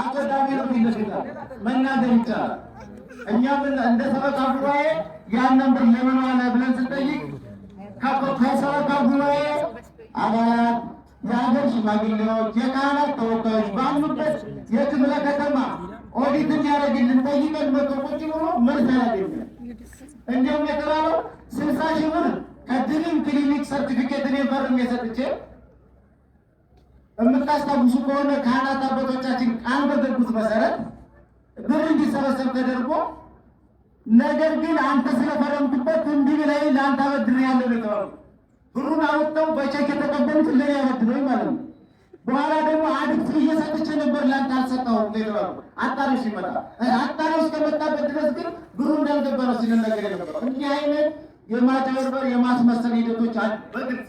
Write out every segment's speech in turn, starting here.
አስገዳሚ ነው። ይለሽታል መናገር ይቻላል። እኛ እንደ ሰበካ ጉባኤ ያንን ብር ለምን ዋለ ብለን ስንጠይቅ ከሰበካ ጉባኤ አባላት የሀገር ሽማግሌዎች፣ የካህናት ተወካዮች ባሉበት የክፍለ ከተማ ኦዲት እንዲያደርግልን ጠይቀን መቆቆጭ ሆኖ መልስ አላገኘንም። እንዲሁም የተባለው ስልሳ ሺህ ብር ከድንም ክሊኒክ ሰርቲፊኬትን የፈርም የሰጥቼ የምታስታውሱ ከሆነ ካህናት አባቶቻችን ቃል በገቡት መሰረት ብር እንዲሰበሰብ ተደርጎ ነገር ግን አንተ ስለፈረምኩበት እንዲህ ላይ ለአንተ አበድር ያለ ነው። ብሩን አወጣው በቼክ የተቀበሉት ለኔ ያበድረኝ ማለት ነው። በኋላ ደግሞ አድብት እየሰጥቼ ነበር ለአንተ አልሰጠሁም ይለዋል። አጣሪሽ ይመጣል። አጣሪሽ ከመጣበት ድረስ ግን ብሩ እንዳልገባ ነው ሲነገር የነበረው። እንዲህ አይነት የማጭበርበር የማስመሰል ሂደቶች በግልጽ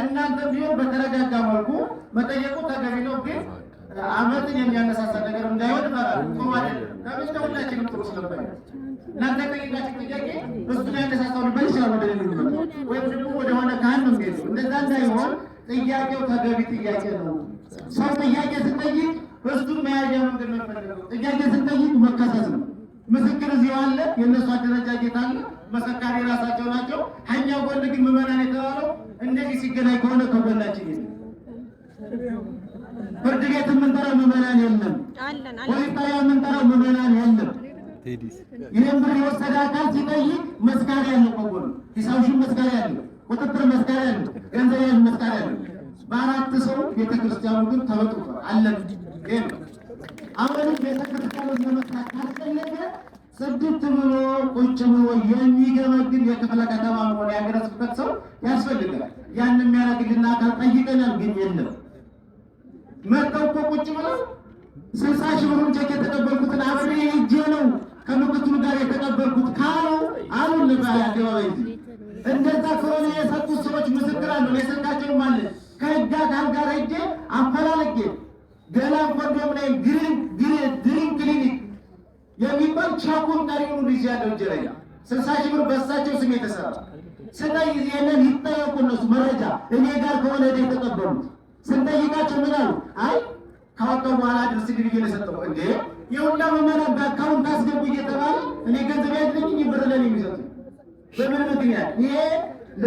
እናንተ ቢሆን በተረጋጋ መልኩ መጠየቁ ተገቢ ነው፣ ግን አመትን የሚያነሳሳ ነገር እንዳይሆን ይባላል። ጥሩ አይደለም። ከብዙ ከሁላችንም ጥሩ ስለባ እናንተ ጠቂቃችን ጥያቄ እሱን ያነሳሳውን በይሻል ወደ የሚመጡ ወይም ደግሞ ወደሆነ ካህን ነው ሄዱ። እንደዛ እንዳይሆን ጥያቄው ተገቢ ጥያቄ ነው። ሰው ጥያቄ ስጠይቅ እሱ መያዣ መንገድ መፈለገው ጥያቄ ስጠይቅ መከሰስ ነው። ምስክር እዚህ አለ፣ የእነሱ አደረጃጀት አለ፣ መሰካሪ የራሳቸው ናቸው። ሀኛ ጎን ግን ምዕመናን የተባለው እንደዚህ ሲገናኝ ከሆነ ከጎናችን የለም። ፍርድ ቤት የምንጠራው ምዕመናን የለም። ፖሊስ ጣቢያ የምንጠራው ምዕመናን የለም። ይህም ብር የወሰደ አካል ሲጠይቅ ያለ ያለው ከጎኑ ሂሳብሽን መስጋሪያ ያለው ቁጥጥር መስጋሪያ ያለው ገንዘብ መስካሪ ያለ። በአራት ሰው ቤተክርስቲያኑ ግን ተበጥብጧል። አለን አሁንም ቤተክርስቲያኑ ለመስራት ካስፈለገ ስድስት ቁጭ ብሎ የሚገመግም የክፍለ ከተማ መሆን የሀገረ ስብከት ሰው ያስፈልጋል። ያን የሚያደርግልን አካል ጠይቀናል፣ ግን የለም። መጥተው እኮ ቁጭ ብለው ስልሳ ሺህ ብሩን ቼክ የተቀበልኩትን አብሬ እጄ ነው ከምክትሉ ጋር የተቀበልኩት ካሉ አሁን ልባ አደባባይ እንደዛ ከሆነ የሰጡት ሰዎች ምስክር አለ። የሰጣቸውም ማለት ከህግ አካል ጋር ሄጄ አፈላልጌ ገላ ኮንዶም ላይ ግሪን የሚባል ቻኮን ጋር የሆኑ ልጅ ያለው እንጀረኛ ስልሳ ሺህ ብር በሳቸው ስም የተሰራ ስታይ ይህንን ይጠየቁ እነሱ መረጃ እኔ ጋር ከሆነ ደ የተቀበሉት ስንጠይቃቸው ምን አሉ? አይ ካወጣው በኋላ ድርስ ግድ የሰጠው እንዴ የሁላ መመሪያ በአካውንት አስገቡ እየተባለ እኔ ገንዘብ ያድለኝ ብር ለኔ የሚሰጡ በምን ምክንያት ይሄ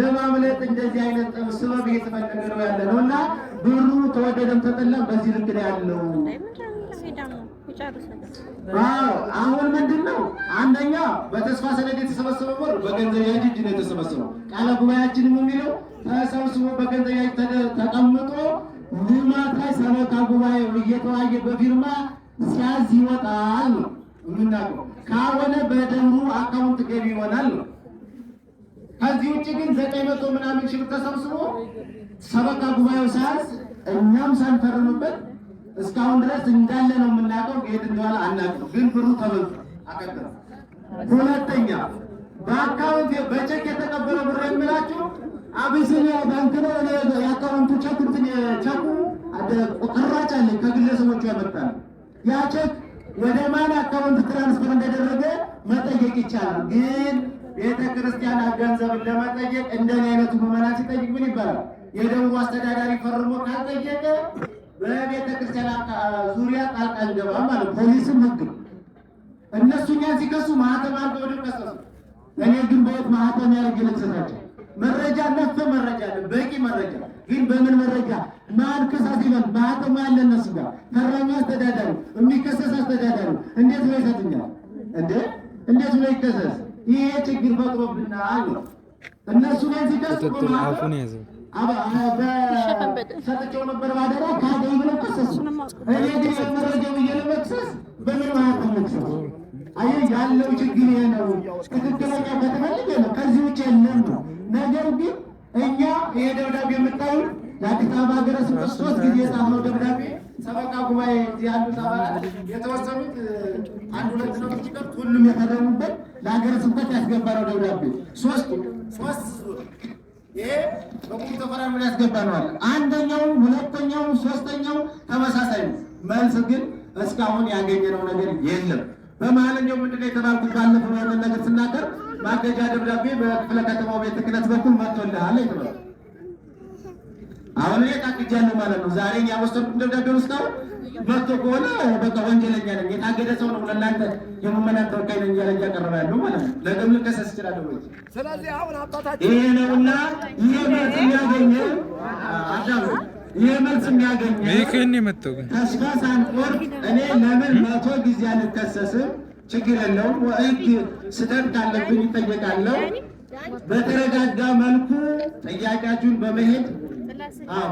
ለማምለጥ እንደዚህ አይነት ጥሩ ስበብ እየተፈለገ ነው ያለ ነው እና ብሩ ተወደደም ተጠላም በዚህ ልክ ነው ያለው። አሁን ምንድን ነው? አንደኛ በተስፋ ሰነድ የተሰበሰበው ወር በገንዘብ ያጅ እጅ ነው የተሰበሰበው። ቃለ ጉባኤያችን የሚለው ተሰብስቦ በገንዘብ ያጅ ተቀምጦ ልማት ሰበካ ጉባኤ እየተዋየ በፊርማ ሲያዝ ይወጣል ነው የምናውቀው። ካልሆነ በደብሩ አካውንት ገቢ ይሆናል ነው። ከዚህ ውጭ ግን ዘጠኝ መቶ ምናምን ሺህ ብር ተሰብስቦ ሰበካ ጉባኤው ሳያዝ እኛም ሳንፈርምበት እስካሁን ድረስ እንዳለ ነው የምናውቀው፣ ከየት እንደዋለ አናውቅም። ግን ብሩ ተበልቶ አቀደም። ሁለተኛ በአካውንት በቼክ የተቀበለ ብር የምላችሁ አቢሲኒያ ባንክ ነው። የአካውንቱ ቼክ እንትን ቼኩ ቁጥራጭ አለ፣ ከግለሰቦቹ ያመጣል። ያ ቼክ ወደ ማን አካውንት ትራንስፈር እንደደረገ መጠየቅ ይቻላል። ግን ቤተ ክርስቲያን ገንዘብን ለመጠየቅ እንደኔ አይነቱ ምዕመናን ሲጠይቅ ምን ይባላል? የደቡብ አስተዳዳሪ ፈርሞ ካልጠየቀ በቤተክርስቲያን ዙሪያ ጣልቃ ይገባል ማለት ፖሊስም ህግ እነሱ እኛን ሲከሱ ማህተም አድርገው ደቀሰሱ። እኔ ግን በየት ማህተም ያደርግ ልክሰሳቸው? መረጃ ነፍ መረጃ አለ፣ በቂ መረጃ ግን በምን መረጃ ማን ከሳሽ ይላል? ማህተም ያለ እነሱ ጋር ፈራሚ አስተዳዳሪ፣ የሚከሰስ አስተዳዳሪ እንዴት ብሎ ይሰጥኛል? እንዴ እንዴት ብሎ ይከሰስ? ይሄ ችግር ፈጥሮብናል። እነሱ ላይ ሲከሱ ማህተም ሰጥቼው ነበር ያለው ችግር ነው። ትክክለኛ ከተፈለገ ነው፣ ከዚህ ውጭ የለም ነው። ነገር ግን እኛ ይሄ ደብዳቤ የምታዩት ለአዲስ አበባ ሀገረ ስብከት ሶስት ጊዜ የጻፍነው ደብዳቤ ሰበካ ጉባኤ ያሉት አባላት የተወሰኑት አንድ ሁለት ነው ሲቀር ሁሉም የተረሙበት ለሀገረ ስብከት ያስገባነው ደብዳቤ ሶስት ሶስት ይሄ በቁም ተፈራሚ ላይ ያስገባነዋል። አንደኛው፣ ሁለተኛው፣ ሶስተኛው ተመሳሳይ ነው። መልስ ግን እስካሁን ያገኘነው ነገር የለም። በመሀለኛው ምንድን ነው የተባልኩት? ባለፈው ነገር ስናገር ማገጃ ደብዳቤ በክፍለ ከተማው ቤተ ክህነት በኩል መጥቶልሃል የተባለው አሁን ላይ ታግጃለሁ ማለት ነው። ዛሬ ያወሰድኩት ደብዳቤ ውስጥ ነው መጥቶ ከሆነ በቃ ወንጀለኛ ነኝ፣ የታገደ ሰው ነው ለእናንተ የምመናን ተወካይ ነኝ እያለ እያቀረበ ያለው ማለት ነው። ለቅም ልከሰስ ይችላለሁ ወይ? ስለዚህ አሁን አባታችን ይሄ ነውና ይሄ መልስ የሚያገኘ አዳም ይሄ መልስ የሚያገኘ ይህን ግን ተስፋ ሳንቆርጥ እኔ ለምን መቶ ጊዜ አልከሰስም? ችግር የለውም። ወህግ ስህተት ካለብኝ ይጠየቃለሁ። በተረጋጋ መልኩ ጥያቄያችሁን በመሄድ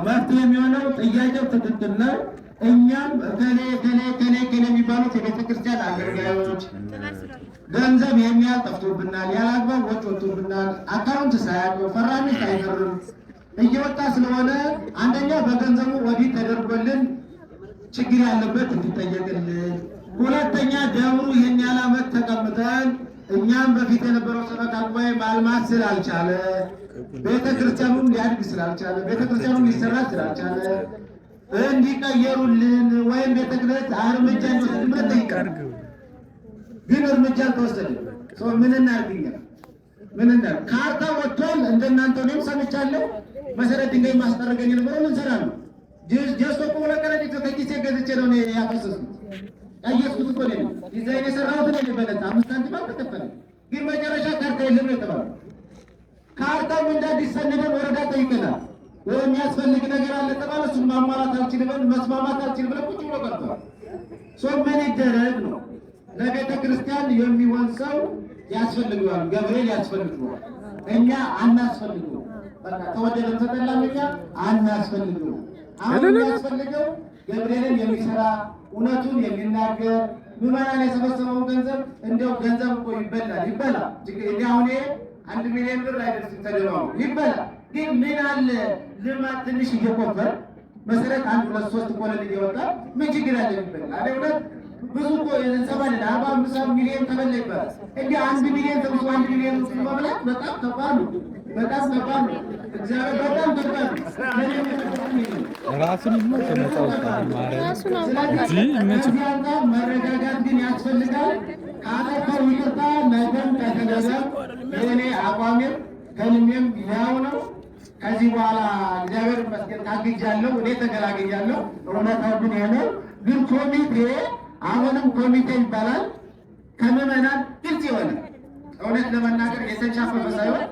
መፍትሄ የሚሆነው ጥያቄው ትክክል ነው። እኛም ገሌ ገሌ ገሌ ገሌ የሚባሉት የቤተክርስቲያን አገልጋዮች ገንዘብ የሚያል ጠፍቶብናል፣ ያላግባብ ወጪ ወጥቶብናል፣ አካውንት ሳያውቅ ፈራሚ ሳይፈርም እየወጣ ስለሆነ አንደኛ በገንዘቡ ወዲህ ተደርጎልን ችግር ያለበት እንዲጠየቅልን፣ ሁለተኛ ደብሩ ይህን ያህል ዓመት ተቀምጠን እኛም በፊት የነበረው ሰበካ ጉባኤ ማልማት ስላልቻለ ቤተክርስቲያኑም ሊያድግ ስላልቻለ፣ ቤተክርስቲያኑም ሊሰራ ስላልቻለ እንዲቀየሩልን ወይም ቤተክህነት እርምጃ እንዲወስድ ምረት ግን እርምጃ አልተወሰደም። ምን እናርግኛል? ምን እናር ካርታ ወጥቷል። እንደናንተ እኔም ሰምቻለሁ። መሰረት ድንጋይ ማስጠረገኝ ነበረ። ምን ሰራ ነው ጀሶ ቆሎ ከረጢት ከኪሴ ገዝቼ ነው ያፈሰስኩት። ቀየስኩት እኮ ነው ዲዛይን የሰራሁት ነው። በለጣ አምስት ሳንቲም አልተከፈለም። ግን መጨረሻ ካርታ የለም ነው የተባለው። ከአርታም እንደ አዲስ ሰንደን ወረዳ ጠይቀናል። የሚያስፈልግ ነገር አለ ተባለ። እሱን ማሟላት አልችልም መስማማት አልችልም ብለን ቁጭ ብሎ ቀርቷል። ሶ ምን ይደረግ ነው? ለቤተ ክርስቲያን የሚሆን ሰው ያስፈልገዋል። ገብርኤል ያስፈልገዋል። እኛ አናስፈልገው። በቃ ተወደደን ተጠላም እኛ አናስፈልገው። አሁን የሚያስፈልገው ገብርኤልን የሚሰራ እውነቱን የሚናገር ምዕመናን የሰበሰበውን ገንዘብ እንደው ገንዘብ እኮ ይበላል ይበላል። አሁን አንድ ሚሊዮን ብር አይደርስም። ተደማው ይበላ ግን ምን አለ ልማት ትንሽ እየቆፈር መሰረት አንድ ሁለት ሶስት ኮለን እየወጣ ምን ችግር አለ ይበላ ብዙ እኮ እንጸባለን አባ ሚሊዮን ተበላ ይባላል። እንዲህ አንድ ሚሊዮን ተብሎ አንድ ሚሊዮን መብላት በጣም ከባድ ነው። በጣም ነው። መረጋጋት ግን ያስፈልጋል። ከአጠፋው ይቅርታ ነገም ከተገዛ የእኔ አቋሜም ከልሜም ያው ነው። ከዚህ በኋላ እግዚአብሔር ይመስገን ታግጃለሁ፣ እኔ ተገላግጃለሁ። እውነታው ግን ነው። ግን ኮሚቴ አሁንም ኮሚቴ ይባላል ከምዕመናን ግልጽ የሆነ እውነት ለመናገር የተንሻፈፈ ሳይሆን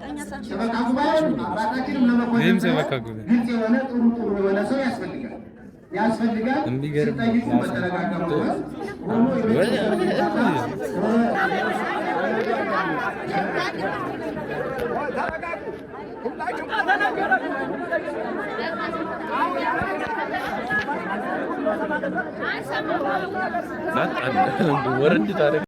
ሰበካ ጉባኤ አባታችንም ለመኮንን ግልጽ የሆነ ጥሩ ጥሩ የሆነ ሰው ያስፈልጋል ያስፈልጋል። ሲጠይቁ በተረጋጋ ሆኖ ወረድ ታደርግ